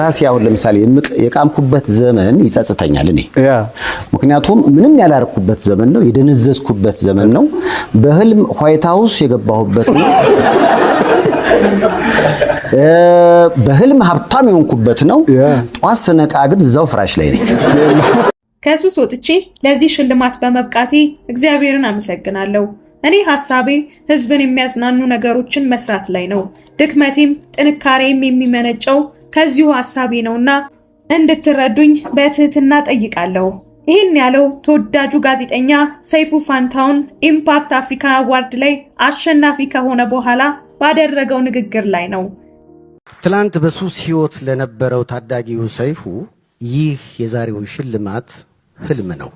ራሴ አሁን ለምሳሌ የቃምኩበት ዘመን ይጸጽተኛል እኔ ምክንያቱም ምንም ያላርኩበት ዘመን ነው፣ የደነዘዝኩበት ዘመን ነው። በህልም ዋይት ሀውስ የገባሁበት ነው። በህልም ሀብታም የሆንኩበት ነው። ጧት ስነቃ ግን እዛው ፍራሽ ላይ ነኝ። ከሱስ ወጥቼ ለዚህ ሽልማት በመብቃቴ እግዚአብሔርን አመሰግናለሁ። እኔ ሀሳቤ ህዝብን የሚያዝናኑ ነገሮችን መስራት ላይ ነው። ድክመቴም ጥንካሬም የሚመነጨው ከዚሁ ሀሳቤ ነውና እንድትረዱኝ በትህትና ጠይቃለሁ። ይህን ያለው ተወዳጁ ጋዜጠኛ ሰይፉ ፋንታውን ኢምፓክት አፍሪካ አዋርድ ላይ አሸናፊ ከሆነ በኋላ ባደረገው ንግግር ላይ ነው። ትላንት በሱስ ሕይወት ለነበረው ታዳጊው ሰይፉ ይህ የዛሬው ሽልማት ህልም ነው።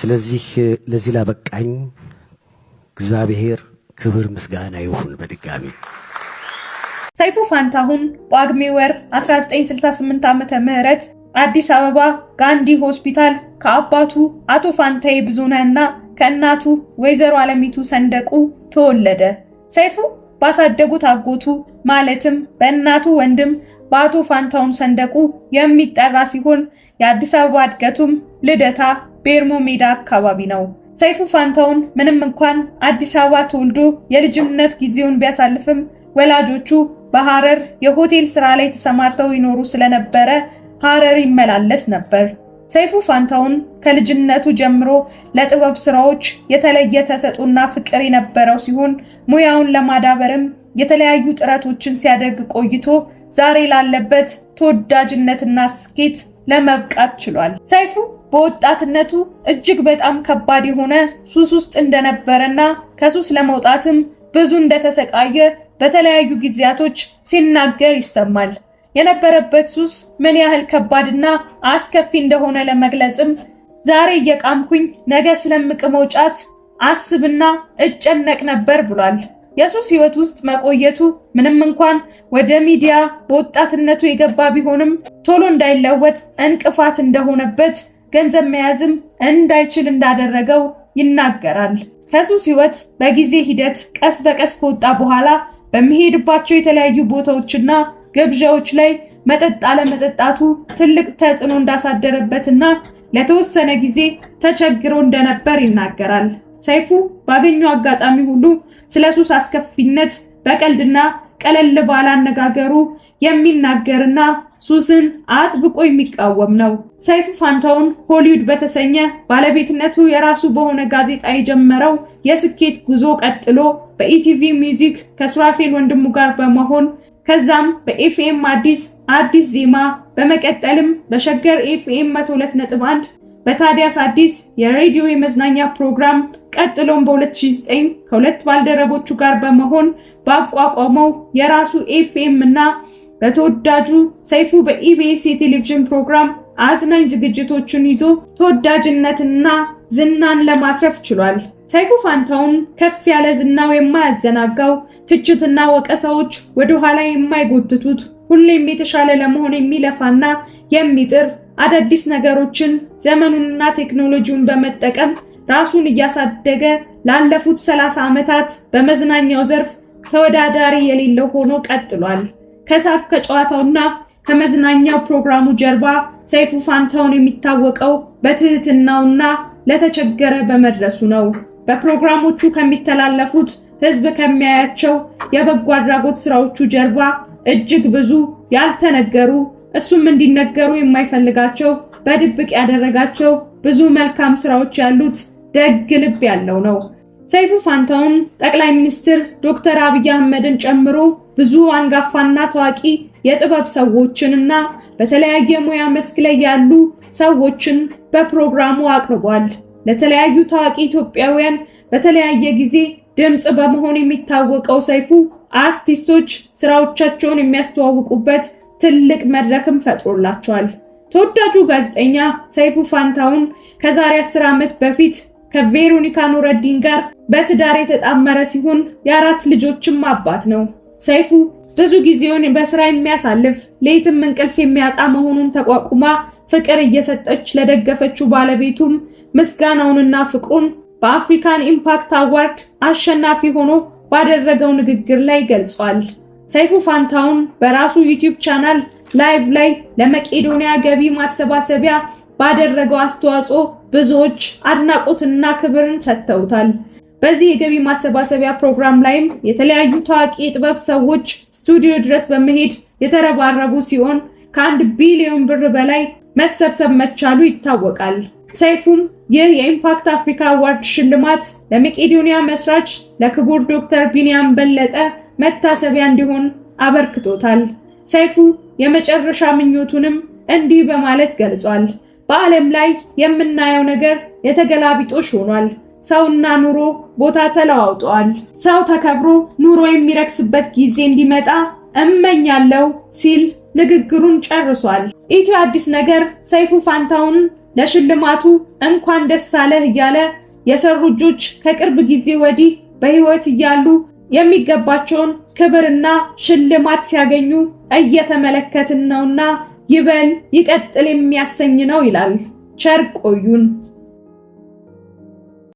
ስለዚህ ለዚህ ላበቃኝ እግዚአብሔር ክብር ምስጋና ይሁን በድጋሚ ሰይፉ ፋንታሁን በአግሜ ወር 1968 ዓ ም አዲስ አበባ ጋንዲ ሆስፒታል ከአባቱ አቶ ፋንታዬ ብዙነ እና ከእናቱ ወይዘሮ አለሚቱ ሰንደቁ ተወለደ። ሰይፉ ባሳደጉት አጎቱ ማለትም በእናቱ ወንድም በአቶ ፋንታሁን ሰንደቁ የሚጠራ ሲሆን የአዲስ አበባ እድገቱም ልደታ ቤርሞ ሜዳ አካባቢ ነው። ሰይፉ ፋንታሁን ምንም እንኳን አዲስ አበባ ተወልዶ የልጅነት ጊዜውን ቢያሳልፍም ወላጆቹ በሐረር የሆቴል ስራ ላይ ተሰማርተው ይኖሩ ስለነበረ ሐረር ይመላለስ ነበር። ሰይፉ ፋንታውን ከልጅነቱ ጀምሮ ለጥበብ ስራዎች የተለየ ተሰጦና ፍቅር የነበረው ሲሆን ሙያውን ለማዳበርም የተለያዩ ጥረቶችን ሲያደርግ ቆይቶ ዛሬ ላለበት ተወዳጅነትና ስኬት ለመብቃት ችሏል። ሰይፉ በወጣትነቱ እጅግ በጣም ከባድ የሆነ ሱስ ውስጥ እንደነበረና ከሱስ ለመውጣትም ብዙ እንደተሰቃየ በተለያዩ ጊዜያቶች ሲናገር ይሰማል። የነበረበት ሱስ ምን ያህል ከባድና አስከፊ እንደሆነ ለመግለጽም ዛሬ እየቃምኩኝ ነገ ስለምቅመው ጫት አስብና እጨነቅ ነበር ብሏል። የሱስ ሕይወት ውስጥ መቆየቱ ምንም እንኳን ወደ ሚዲያ በወጣትነቱ የገባ ቢሆንም ቶሎ እንዳይለወጥ እንቅፋት እንደሆነበት፣ ገንዘብ መያዝም እንዳይችል እንዳደረገው ይናገራል። ከሱስ ሕይወት በጊዜ ሂደት ቀስ በቀስ ከወጣ በኋላ በሚሄድባቸው የተለያዩ ቦታዎችና ግብዣዎች ላይ መጠጥ አለመጠጣቱ ትልቅ ተጽዕኖ እንዳሳደረበትና ለተወሰነ ጊዜ ተቸግሮ እንደነበር ይናገራል። ሰይፉ ባገኘው አጋጣሚ ሁሉ ስለ ሱስ አስከፊነት በቀልድና ቀለል ባለ አነጋገሩ የሚናገርና ሱስን አጥብቆ የሚቃወም ነው። ሰይፉ ፋንታውን ሆሊውድ በተሰኘ ባለቤትነቱ የራሱ በሆነ ጋዜጣ የጀመረው የስኬት ጉዞ ቀጥሎ በኢቲቪ ሚውዚክ ከሱራፌል ወንድሙ ጋር በመሆን ከዛም በኤፍኤም አዲስ አዲስ ዜማ በመቀጠልም በሸገር ኤፍኤም 102.1 በታዲያስ አዲስ የሬዲዮ የመዝናኛ ፕሮግራም ቀጥሎም በ2009 ከሁለት ባልደረቦቹ ጋር በመሆን ባቋቋመው የራሱ ኤፍኤም እና በተወዳጁ ሰይፉ በኢቢኤስ የቴሌቪዥን ፕሮግራም አዝናኝ ዝግጅቶችን ይዞ ተወዳጅነትና ዝናን ለማትረፍ ችሏል። ሰይፉ ፋንታውን ከፍ ያለ ዝናው የማያዘናጋው፣ ትችትና ወቀሳዎች ወደኋላ የማይጎትቱት፣ ሁሌም የተሻለ ለመሆን የሚለፋና የሚጥር አዳዲስ ነገሮችን ዘመኑንና ቴክኖሎጂውን በመጠቀም ራሱን እያሳደገ ላለፉት ሰላሳ ዓመታት በመዝናኛው ዘርፍ ተወዳዳሪ የሌለው ሆኖ ቀጥሏል። ከሳቅ ከጨዋታውና ከመዝናኛው ፕሮግራሙ ጀርባ ሰይፉ ፋንታውን የሚታወቀው በትህትናውና ለተቸገረ በመድረሱ ነው። በፕሮግራሞቹ ከሚተላለፉት ህዝብ ከሚያያቸው የበጎ አድራጎት ስራዎቹ ጀርባ እጅግ ብዙ ያልተነገሩ እሱም እንዲነገሩ የማይፈልጋቸው በድብቅ ያደረጋቸው ብዙ መልካም ስራዎች ያሉት ደግ ልብ ያለው ነው። ሰይፉ ፋንታውን ጠቅላይ ሚኒስትር ዶክተር አብይ አህመድን ጨምሮ ብዙ አንጋፋና ታዋቂ የጥበብ ሰዎችንና በተለያየ ሙያ መስክ ላይ ያሉ ሰዎችን በፕሮግራሙ አቅርቧል። ለተለያዩ ታዋቂ ኢትዮጵያውያን በተለያየ ጊዜ ድምፅ በመሆን የሚታወቀው ሰይፉ አርቲስቶች ስራዎቻቸውን የሚያስተዋውቁበት ትልቅ መድረክም ፈጥሮላቸዋል። ተወዳጁ ጋዜጠኛ ሰይፉ ፋንታውን ከዛሬ 10 ዓመት በፊት ከቬሮኒካ ኑረዲን ጋር በትዳር የተጣመረ ሲሆን የአራት ልጆችም አባት ነው። ሰይፉ ብዙ ጊዜውን በስራ የሚያሳልፍ ሌትም እንቅልፍ የሚያጣ መሆኑን ተቋቁማ ፍቅር እየሰጠች ለደገፈችው ባለቤቱም ምስጋናውንና ፍቅሩን በአፍሪካን ኢምፓክት አዋርድ አሸናፊ ሆኖ ባደረገው ንግግር ላይ ገልጿል። ሰይፉ ፋንታውን በራሱ ዩቲዩብ ቻናል ላይቭ ላይ ለመቄዶንያ ገቢ ማሰባሰቢያ ባደረገው አስተዋጽኦ ብዙዎች አድናቆትና ክብርን ሰጥተውታል። በዚህ የገቢ ማሰባሰቢያ ፕሮግራም ላይም የተለያዩ ታዋቂ የጥበብ ሰዎች ስቱዲዮ ድረስ በመሄድ የተረባረቡ ሲሆን ከአንድ ቢሊዮን ብር በላይ መሰብሰብ መቻሉ ይታወቃል። ሰይፉም ይህ የኢምፓክት አፍሪካ አዋርድ ሽልማት ለመቄዶኒያ መስራች ለክቡር ዶክተር ቢንያም በለጠ መታሰቢያ እንዲሆን አበርክቶታል። ሰይፉ የመጨረሻ ምኞቱንም እንዲህ በማለት ገልጿል። በዓለም ላይ የምናየው ነገር የተገላቢጦሽ ሆኗል። ሰውና ኑሮ ቦታ ተለዋውጠዋል። ሰው ተከብሮ ኑሮ የሚረክስበት ጊዜ እንዲመጣ እመኛለሁ ሲል ንግግሩን ጨርሷል። ኢትዮ አዲስ ነገር ሰይፉ ፋንታውን ለሽልማቱ እንኳን ደስ አለህ እያለ የሰሩ እጆች ከቅርብ ጊዜ ወዲህ በሕይወት እያሉ የሚገባቸውን ክብርና ሽልማት ሲያገኙ እየተመለከትን ነውና ይበል ይቀጥል የሚያሰኝ ነው ይላል። ቸር ቆዩን።